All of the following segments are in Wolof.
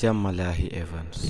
Jamalaahi Evans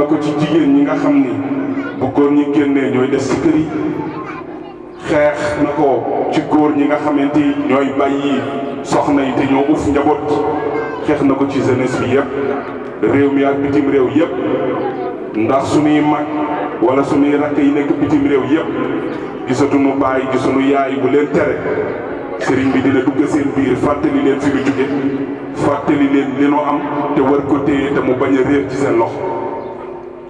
na ko ci jigéen ñi nga xam ni bu góor ñi génnee ñooy des ci kër yi xeex na ko ci góor ñi nga xamante ni ñooy bàyyi soxna yi te ñoo uuf njaboot xeex na ko ci jeunesse bi yëpp réew mi ak bitim réew yëpp ndax suñuy mag wala suñuy rakk yi nekk bitim réew yëpp gisatuñu bàyyi gisunu yaay bu leen tere sëriñ bi dina dugg seen biir fàttali leen si mu jóge fàttali leen li nu am te war ko téye te mu bañ a réer ci seen loxo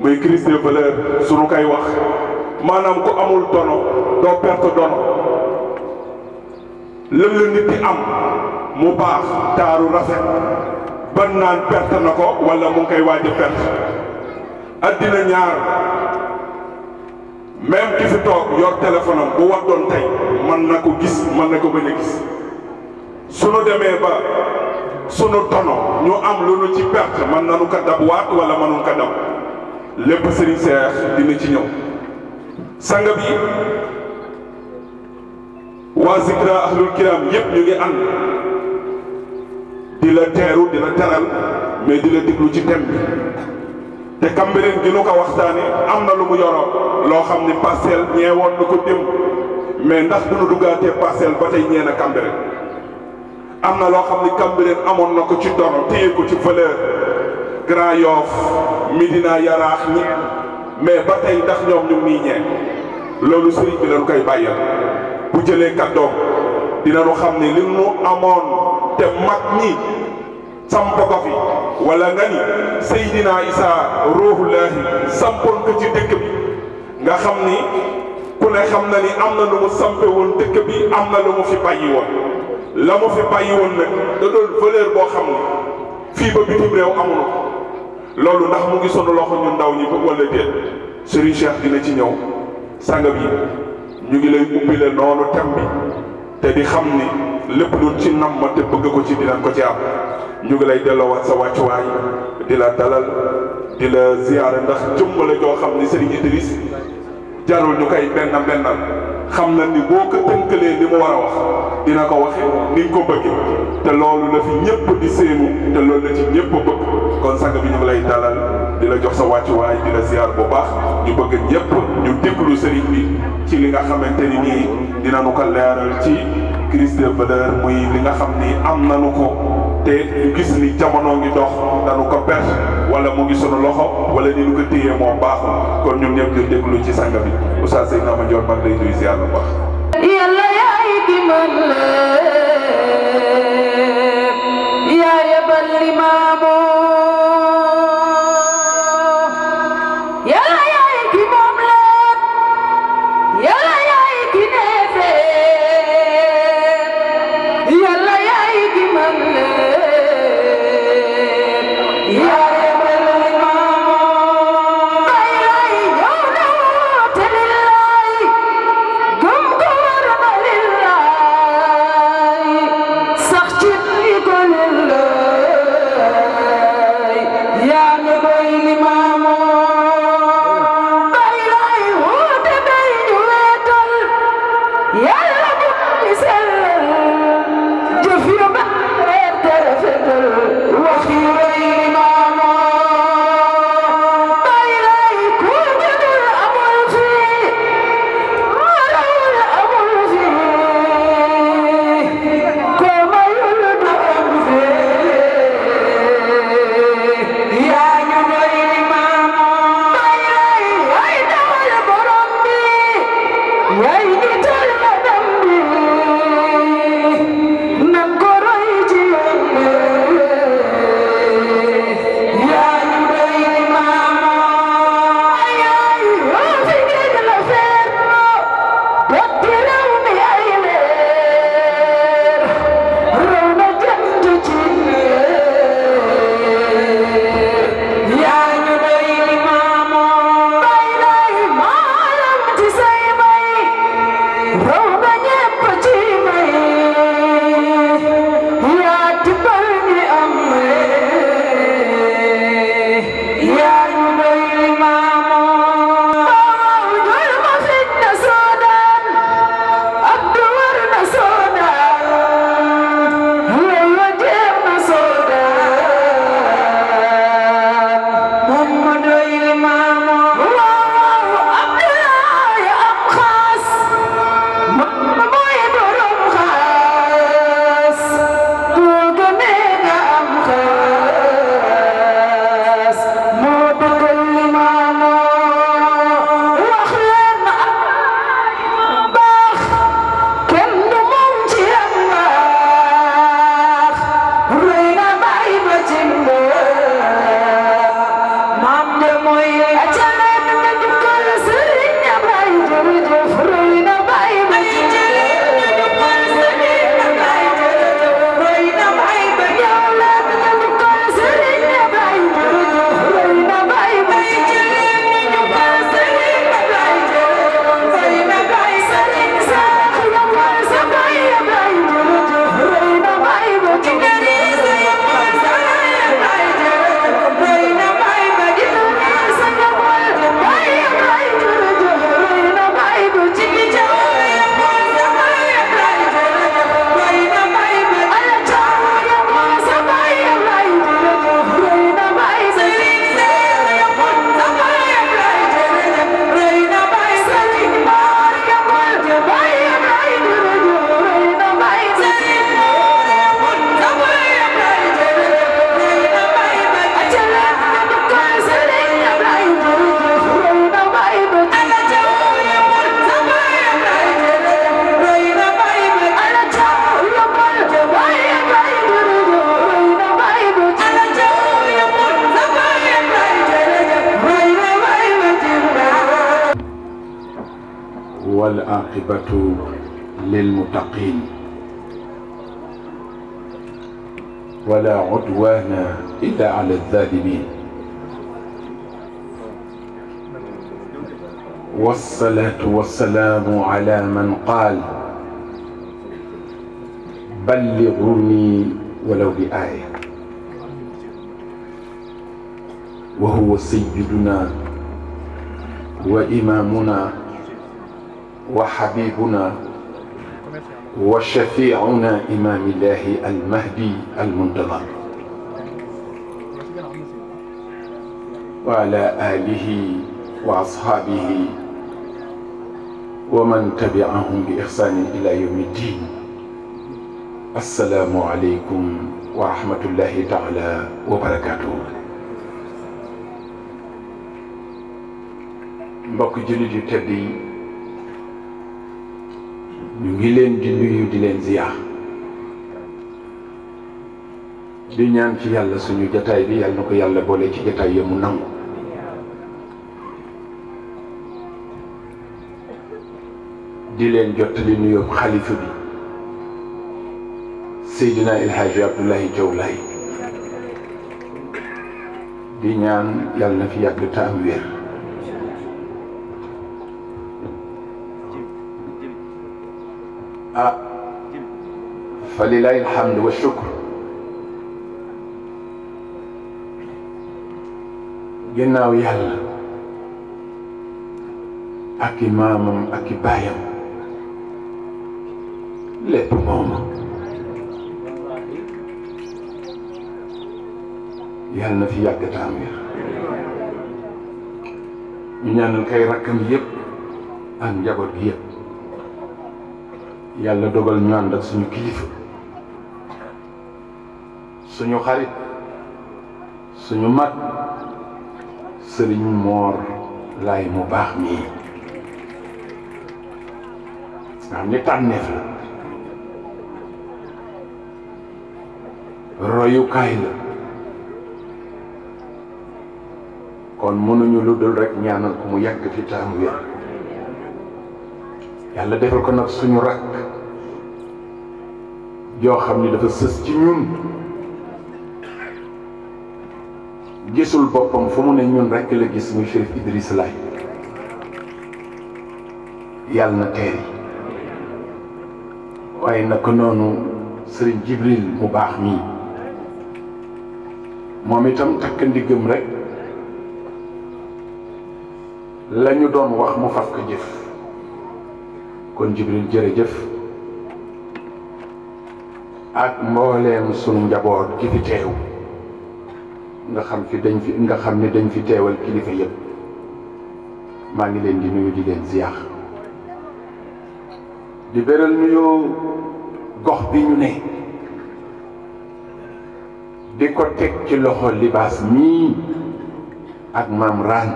muy crise des valeurs suñu koy wax maanaam ku amul dono doo perte dono lëm la nit am mu baax taaru rafet ban naan perte na ko wala mu ngi koy waaj a perte addina ñaar même ki fi toog yor téléphone bu wax doon tey mën na ko gis mën na ko bañ a su suñu demee ba sunu dono ñu am lu nu ci perte mën nanu ko dab waat wala mënu ko lépp sëriñ seex dina ci ñëw sanga bi waa zikra ahlul kiram yépp ñu ngi ànd di la teeru dina la mais di la diglu ci thème bi te Cambérène gi nu ko waxtaane am na lu mu yoroo loo xam ni parcelle ñeewoon na ko démb mais ndax bu nu duggaatee parcelle ba tey ñee na Cambérène am na loo xam ni Cambérène amoon na ko ci dono téye ko ci valeur Grand Yoff Médina Yaraax ñi mais ba tey ndax ñoom ñu ngi loolu sëriñ bi lañu koy bàyyal bu jëlee kàddoom dinañu xam ni li nu amoon te mag ñi ko fi wala nga ni Seydina Isa sampoon ko ci dëkk bi nga xam ni ku ne xam na ni am na lu mu sampe dëkk bi am na lu mu fi bàyyi woon la mu fi bàyyi woon nag da doon boo xam fii ba bitim réew amuñu loolu ndax mu ngi sunu loxo ñu ndaw yi bëgg wala déet Serigne Cheikh dina ci ñëw sangam yi ñu ngi lay ubbile noonu thème bi te di xam ni lépp lu ci namm te bëgg ko ci dinañ ko ci am ñu ngi lay delloowaat sa wàccuwaay di la dalal di la ziyaare ndax jëmm la joo xam ni Serigne Idriss jarul ñu koy benn bennal xam na ni boo ko tënkalee li mu war a wax dina ko waxe ni nga ko bëggee te loolu na fi ñëpp di séenu te lool la ci ñëpp bëgg kon sang bi ñu ngi lay dalal di la jox sa wàccuwaay di la ziar bu baax ñu bëgg ñëpp ñu déglu sëriñ bi ci li nga xamante ni nii dina nu ko leeral ci crise de muy li nga xam ni am nanu ko te gis ni jamono ngi dox danu ko perte wala mu ngi sunu loxo wala ni lu ko téye moom baaxul kon ñoom ñëpp ñu déglu ci sanga bi Oustaz Seydina Mandione maa ngi lay nuyu ziar bu baax. والعاقبة للمتقين ولا عدوان إلا على الظالمين والصلاة والسلام على من قال بلغوني ولو بآية وهو سيدنا وإمامنا وحبيبنا وشفيعنا إمام الله المهدي المنتظر وعلى آله وأصحابه ومن تبعهم بإحسان إلى يوم الدين السلام عليكم ورحمة الله تعالى وبركاته بقي جلد yu ñu ngi leen di nuyu di leen ziyaar di ñaan ci yàlla suñu jataay bi yàlla na ko yàlla boole ci jataay ya mu nangu di leen jottali nuyu xalifa bi Seydina El Hadji Abdoulaye di ñaan yàlla na fi yàgg te wér آه. فلله الحمد والشكر جناو يلا اكي ماما اكي بايا لبو ماما يلا في يك تامير من يان الكي يب ان جابر يب yàlla dogal ñu ànd ak suñu kilifa suñu xarit suñu mag sëriñ moor laay mu baax mii nga xam ne tànneef la royukaay la kon mënuñu lu dul rek ñaanal ko mu yàgg fi taamu wér yàlla defal ko nag suñu rakk yoo xam ni dafa sës ci ñun gisul boppam fu mu ne ñun rekk la gis muy Chérif Idriss Laye yàlla na teer waaye naka noonu sëriñ Jibril mu baax mii moom itam takk ndiggam rekk la ñu doon wax mu faf ko jëf kon Jibril jërëjëf ak mbooleem sunu njaboot gi fi teew nga xam fi dañ fi nga xam ni dañ fi teewal kilifa yëpp maa ngi leen di nuyu di leen ziyaar di beral nuyoo gox bi ñu ne di ko teg ci loxo libaas mii ak maam raan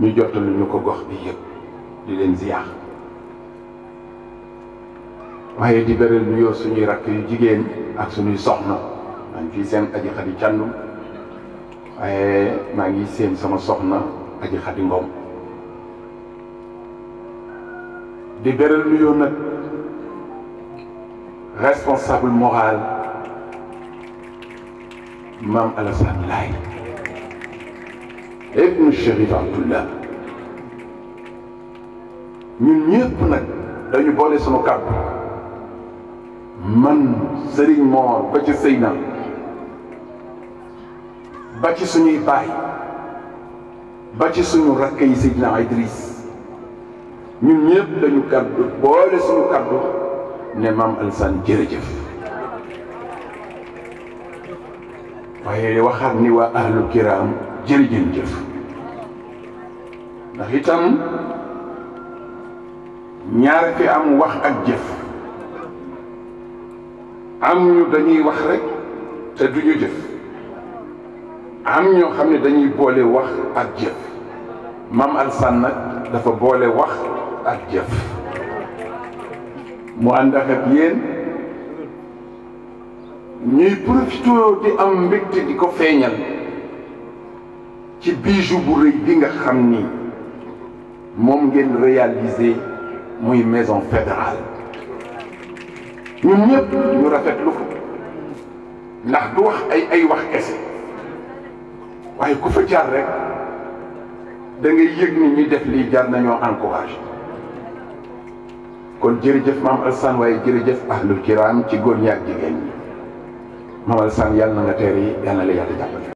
ñu jottalu ñu ko gox bi yëpp di leen ziyaar waaye di beral nuyoo suñuy rakk jigéen ak suñuy soxna maa ngi fii seen aji xadi càndum waaye maa ngi seen sama soxna aji xadi ngom di beral nuyoo nag responsable moral maam Alassane Laye ibnu Chérif Abdoullah ñun ñëpp nag dañu boole sunu kàddu man sëriñ Mor ba ci Seyna ba ci suñuy baay ba ci suñu rakk yi Seydina Idriss ñun ñëpp dañu kaddu boole suñu kaddu ne maam Alassane jërëjëf waaye waxaat ni waa ahlu kiraam jërëjën jëf ndax itam ñaar am wax ak jëf am ñu dañuy wax rek te duñu jëf am ñoo xam ne dañuy boole wax ak jëf maam Alsaan nag dafa boole wax ak jëf mu ànd ak ak yéen ñuy profité di am mbégte di ko feeñal ci bijou bu rëy bi nga xam ni moom ngeen réaliser muy maison fédérale ñun ñëpp ñu rafet lu ko ndax du wax ay ay wax kese waaye ku fa jaar rek da yëg ni ñuy def lii jaar nañoo encouragé kon jërëjëf mam Alsaan waaye jërëjëf ahlul kiraam ci góor ñi ak jigéen ñi maam Alsaan yàlla na nga yi na la yàlla jàppale